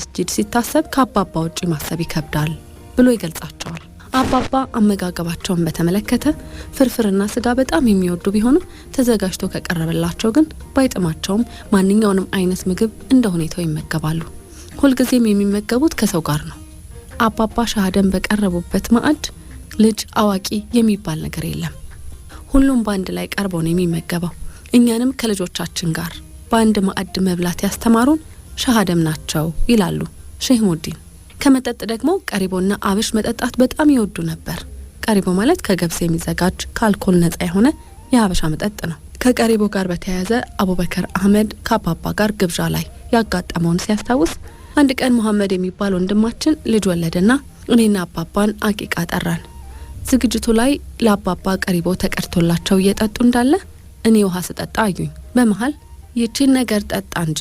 መስጂድ ሲታሰብ ከአባባ ውጪ ማሰብ ይከብዳል ብሎ ይገልጻቸዋል። አባባ አመጋገባቸውን በተመለከተ ፍርፍርና ስጋ በጣም የሚወዱ ቢሆንም ተዘጋጅቶ ከቀረበላቸው ግን ባይጥማቸውም ማንኛውንም አይነት ምግብ እንደ ሁኔታው ይመገባሉ። ሁልጊዜም የሚመገቡት ከሰው ጋር ነው። አባባ ሻህደን በቀረቡበት ማዕድ ልጅ አዋቂ የሚባል ነገር የለም። ሁሉም በአንድ ላይ ቀርበው ነው የሚመገበው። እኛንም ከልጆቻችን ጋር በአንድ ማዕድ መብላት ያስተማሩን ሻሃደም ናቸው ይላሉ ሼህ ሙዲን። ከመጠጥ ደግሞ ቀሪቦና አብሽ መጠጣት በጣም ይወዱ ነበር። ቀሪቦ ማለት ከገብስ የሚዘጋጅ ከአልኮል ነጻ የሆነ የሀበሻ መጠጥ ነው። ከቀሪቦ ጋር በተያያዘ አቡበከር አህመድ ከአባባ ጋር ግብዣ ላይ ያጋጠመውን ሲያስታውስ አንድ ቀን መሐመድ የሚባል ወንድማችን ልጅ ወለደና እኔና አባባን አቂቃ ጠራን። ዝግጅቱ ላይ ለአባባ ቀሪቦ ተቀድቶላቸው እየጠጡ እንዳለ እኔ ውሃ ስጠጣ አዩኝ። በመሀል ይቺን ነገር ጠጣ እንጂ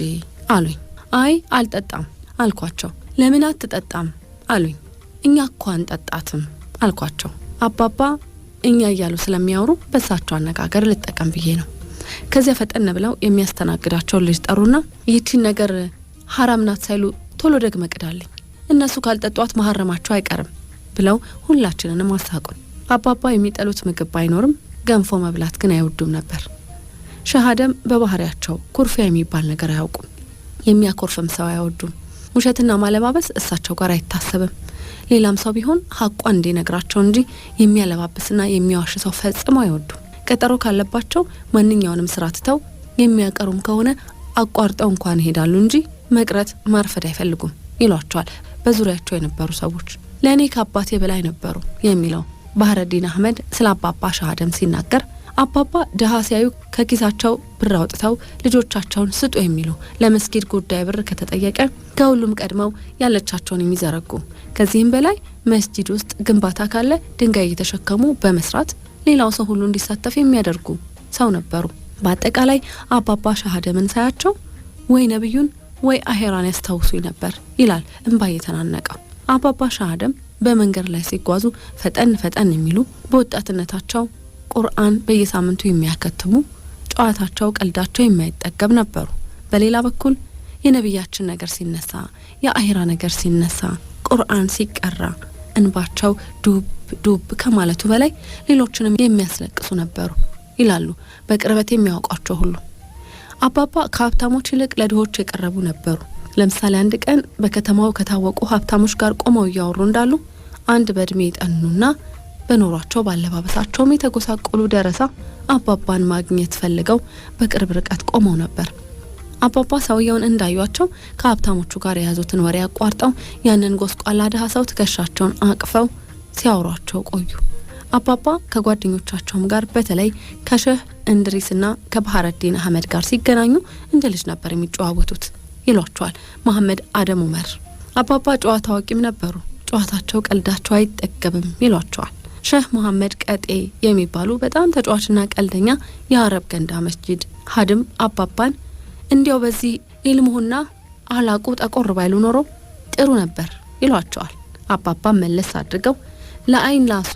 አሉኝ። አይ አልጠጣም አልኳቸው። ለምን አትጠጣም አሉኝ። እኛ እኮ አንጠጣትም አልኳቸው። አባባ እኛ እያሉ ስለሚያወሩ በሳቸው አነጋገር ልጠቀም ብዬ ነው። ከዚያ ፈጠን ብለው የሚያስተናግዳቸውን ልጅ ጠሩና ይህቺን ነገር ሀራም ናት ሳይሉ ቶሎ ደግመ ቅዳለኝ እነሱ ካልጠጧት መሀረማቸው አይቀርም ብለው ሁላችንንም አሳቁን። አባባ የሚጠሉት ምግብ ባይኖርም ገንፎ መብላት ግን አይወዱም ነበር። ሸሃደም በባህሪያቸው ኩርፊያ የሚባል ነገር አያውቁም። የሚያኮርፍም ሰው አይወዱም። ውሸትና ማለባበስ እሳቸው ጋር አይታሰብም። ሌላም ሰው ቢሆን ሀቋን እንዲነግራቸው እንጂ የሚያለባብስና የሚዋሽ ሰው ፈጽሞ አይወዱም። ቀጠሮ ካለባቸው ማንኛውንም ስራ ትተው የሚያቀሩም ከሆነ አቋርጠው እንኳን ይሄዳሉ እንጂ መቅረት ማርፈድ አይፈልጉም ይሏቸዋል በዙሪያቸው የነበሩ ሰዎች። ለእኔ ከአባቴ በላይ ነበሩ የሚለው ባህረዲን አህመድ ስለ አባባ ሻህ ሲናገር አባባ ድሀ ሲያዩ ከኪሳቸው ብር አውጥተው ልጆቻቸውን ስጡ የሚሉ ለመስጊድ ጉዳይ ብር ከተጠየቀ ከሁሉም ቀድመው ያለቻቸውን የሚዘረጉ ከዚህም በላይ መስጂድ ውስጥ ግንባታ ካለ ድንጋይ እየተሸከሙ በመስራት ሌላው ሰው ሁሉ እንዲሳተፍ የሚያደርጉ ሰው ነበሩ። በአጠቃላይ አባባ ሻህደምን ሳያቸው ወይ ነቢዩን ወይ አሄራን ያስታውሱኝ ነበር ይላል እምባ እየተናነቀው። አባባ ሻሃደም በመንገድ ላይ ሲጓዙ ፈጠን ፈጠን የሚሉ በወጣትነታቸው ቁርአን በየሳምንቱ የሚያከትሙ ጨዋታቸው፣ ቀልዳቸው የማይጠገብ ነበሩ። በሌላ በኩል የነቢያችን ነገር ሲነሳ፣ የአሂራ ነገር ሲነሳ፣ ቁርአን ሲቀራ እንባቸው ዱብ ዱብ ከማለቱ በላይ ሌሎችንም የሚያስለቅሱ ነበሩ ይላሉ በቅርበት የሚያውቋቸው ሁሉ። አባባ ከሀብታሞች ይልቅ ለድሆች የቀረቡ ነበሩ። ለምሳሌ አንድ ቀን በከተማው ከታወቁ ሀብታሞች ጋር ቆመው እያወሩ እንዳሉ አንድ በእድሜ የጠኑና በኖሯቸው ባለባበሳቸውም የተጎሳቆሉ ደረሳ አባባን ማግኘት ፈልገው በቅርብ ርቀት ቆመው ነበር። አባባ ሰውየውን እንዳዩቸው ከሀብታሞቹ ጋር የያዙትን ወሬ አቋርጠው ያንን ጎስቋላ ድሀ ሰው ትከሻቸውን አቅፈው ሲያወሯቸው ቆዩ። አባባ ከጓደኞቻቸውም ጋር በተለይ ከሸህ እንድሪስና ከባህረዲን አህመድ ጋር ሲገናኙ እንደ ልጅ ነበር የሚጨዋወቱት ይሏቸዋል መሐመድ አደም ኡመር። አባባ ጨዋታ አዋቂም ነበሩ። ጨዋታቸው ቀልዳቸው አይጠገብም ይሏቸዋል። ሼህ መሐመድ ቀጤ የሚባሉ በጣም ተጫዋችና ቀልደኛ የአረብ ገንዳ መስጂድ ሀድም አባባን እንዲያው በዚህ ኢልሙሁና አላቁ ጠቆር ባይሉ ኖሮ ጥሩ ነበር ይሏቸዋል። አባባን መለስ አድርገው ለአይን ላሱ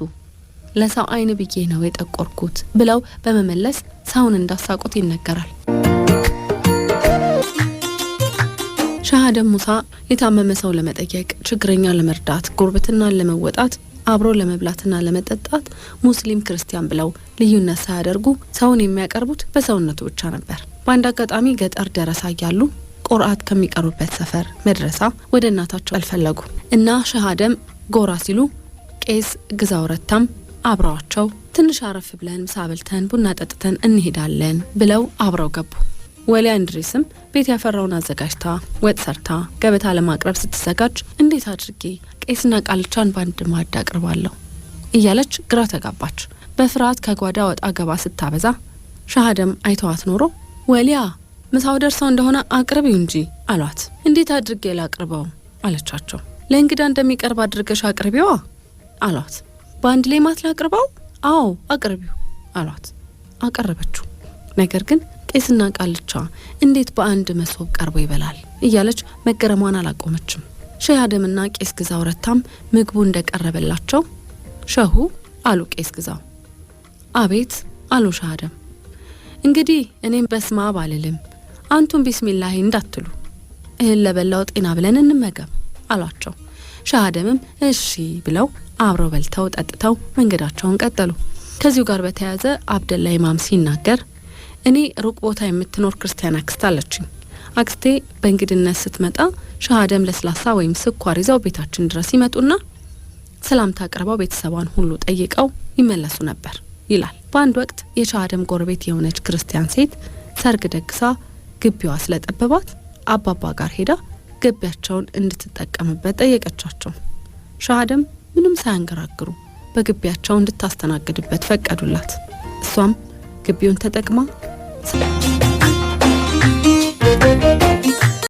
ለሰው አይን ብዬ ነው የጠቆርኩት ብለው በመመለስ ሰውን እንዳሳቁት ይነገራል። ሻህ ሙሳ የታመመ ሰው ለመጠየቅ፣ ችግረኛ ለመርዳት፣ ጉርብትናን ለመወጣት አብሮ ለመብላትና ለመጠጣት ሙስሊም ክርስቲያን ብለው ልዩነት ሳያደርጉ ሰውን የሚያቀርቡት በሰውነቱ ብቻ ነበር። በአንድ አጋጣሚ ገጠር ደረሳ እያሉ ቁርአት ከሚቀሩበት ሰፈር መድረሳ ወደ እናታቸው አልፈለጉ እና ሸሃደም ጎራ ሲሉ ቄስ ግዛው ረታም አብረዋቸው ትንሽ አረፍ ብለን ምሳ በልተን ቡና ጠጥተን እንሄዳለን ብለው አብረው ገቡ። ወሊያ አንድሬስም ቤት ያፈራውን አዘጋጅታ ወጥ ሰርታ ገበታ ለማቅረብ ስትዘጋጅ እንዴት አድርጌ ቄስና ቃልቻን በአንድ ማዕድ አቅርባለሁ እያለች ግራ ተጋባች። በፍርሃት ከጓዳ ወጣ ገባ ስታበዛ ሻሃደም አይተዋት ኖሮ ወሊያ ምሳው ደርሰው እንደሆነ አቅርቢው እንጂ አሏት። እንዴት አድርጌ ላቅርበው አለቻቸው። ለእንግዳ እንደሚቀርብ አድርገሽ አቅርቢዋ አሏት። በአንድ ሌማት ላቅርበው? አዎ አቅርቢው አሏት። አቀረበችው። ነገር ግን ቄስና ቃልቻ እንዴት በአንድ መሶብ ቀርቦ ይበላል እያለች መገረሟን አላቆመችም። ሼህ አደምና ቄስ ግዛው ረታም ምግቡ እንደቀረበላቸው ሸሁ አሉ ቄስ ግዛው። አቤት አሉ ሼህ አደም። እንግዲህ እኔም በስማ ባልልም አንቱን አንቱም ቢስሚላሂ እንዳትሉ እህል ለበላው ጤና ብለን እንመገብ አሏቸው። ሼህ አደምም እሺ ብለው አብረው በልተው ጠጥተው መንገዳቸውን ቀጠሉ። ከዚሁ ጋር በተያያዘ አብደላ ኢማም ሲናገር እኔ ሩቅ ቦታ የምትኖር ክርስቲያን አክስት አለችኝ። አክስቴ በእንግድነት ስትመጣ ሻሃደም ለስላሳ ወይም ስኳር ይዘው ቤታችን ድረስ ይመጡና ሰላምታ አቅርበው ቤተሰቧን ሁሉ ጠይቀው ይመለሱ ነበር ይላል። በአንድ ወቅት የሻሃደም ጎረቤት የሆነች ክርስቲያን ሴት ሰርግ ደግሳ ግቢዋ ስለጠበባት አባባ ጋር ሄዳ ግቢያቸውን እንድትጠቀምበት ጠየቀቻቸው። ሻሃደም ምንም ሳያንገራግሩ በግቢያቸው እንድታስተናግድበት ፈቀዱላት። እሷም ግቢውን ተጠቅማ Thank you.